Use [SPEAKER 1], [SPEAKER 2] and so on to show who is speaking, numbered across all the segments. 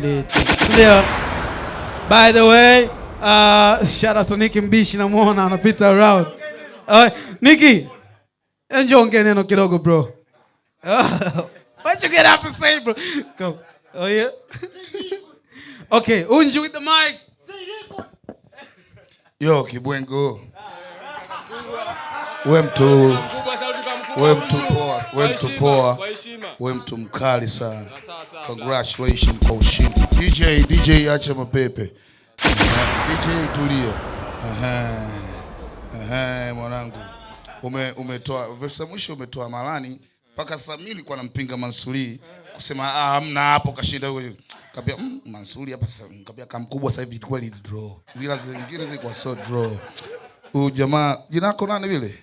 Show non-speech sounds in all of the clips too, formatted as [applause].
[SPEAKER 1] Ndio. By the way, uh, [laughs] shout out to Nicky Mbishi na namuona anapita around. Uh, Nicky, enjoy ongea neno kidogo bro. [laughs] What you get up to say bro? Come. Oh yeah. [laughs] Okay, Unji with the mic.
[SPEAKER 2] Yo, Kibwengo. We mtu. We mtu poa. We mtu poa. We mtu mkali sana. Congratulations kwa ushindi. DJ, DJ acha mapepe. DJ tulia. Aha. Aha, mwanangu. Ume umetoa verse mwisho umetoa malani mpaka Samili nilikuwa nampinga Mansuri kusema ah, hamna hapo kashinda huyo. Kaambia mm, Mansuri hapa sasa kaambia kamkubwa mkubwa sasa hivi ilikuwa ni draw. Zile zingine zilikuwa so draw. Huyu jamaa jina nani vile?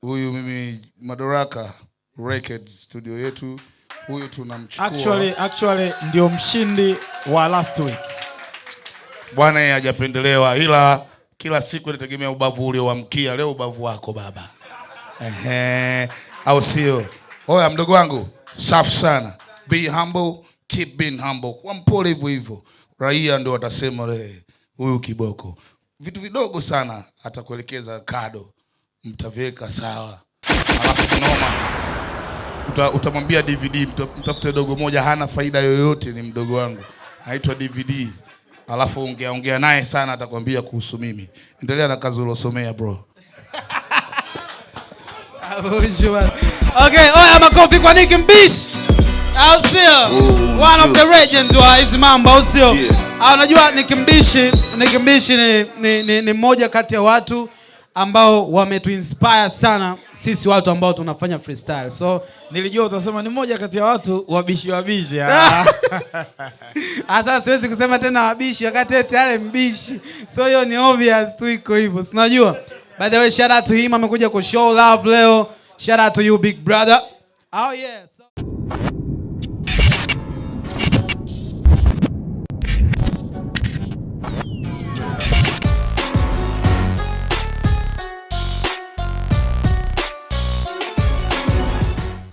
[SPEAKER 2] Huyu mimi Madaraka Records studio yetu huyu tunamchukua.
[SPEAKER 1] Actually, actually ndio mshindi wa last week.
[SPEAKER 2] Bwana yeye hajapendelewa, ila kila siku inategemea ubavu uliowamkia. Leo ubavu wako baba, ehe, au sio? Oya mdogo wangu, safi sana. Be humble, keep being humble. Kwa mpole hivyo hivyo, raia ndio watasema le huyu kiboko. Vitu vidogo sana atakuelekeza kado, mtaviweka sawa, alafu noma uta, utamwambia DVD mtafute dogo moja, hana faida yoyote, ni mdogo wangu anaitwa DVD. Alafu ongea ongea naye sana, atakwambia kuhusu mimi. Endelea na kazi ulosomea bro.
[SPEAKER 1] [laughs] Okay, oya makofi kwa Nick Mbishi. Au sio? One of the legends wa hizi mambo, au sio? Ah, unajua Nick Mbishi, Nick Mbishi ni, ni, ni mmoja kati ya watu ambao wametuinspire sana sisi watu ambao tunafanya freestyle. So nilijua utasema ni mmoja kati ya watu wabishi wabishi. Ah. [laughs] asa siwezi kusema tena wabishi wakati eti yale mbishi, so hiyo ni obvious tu, iko hivyo, si unajua. By the way, shout out to him, amekuja ku show love leo. Shout out to you big brother. Oh yes.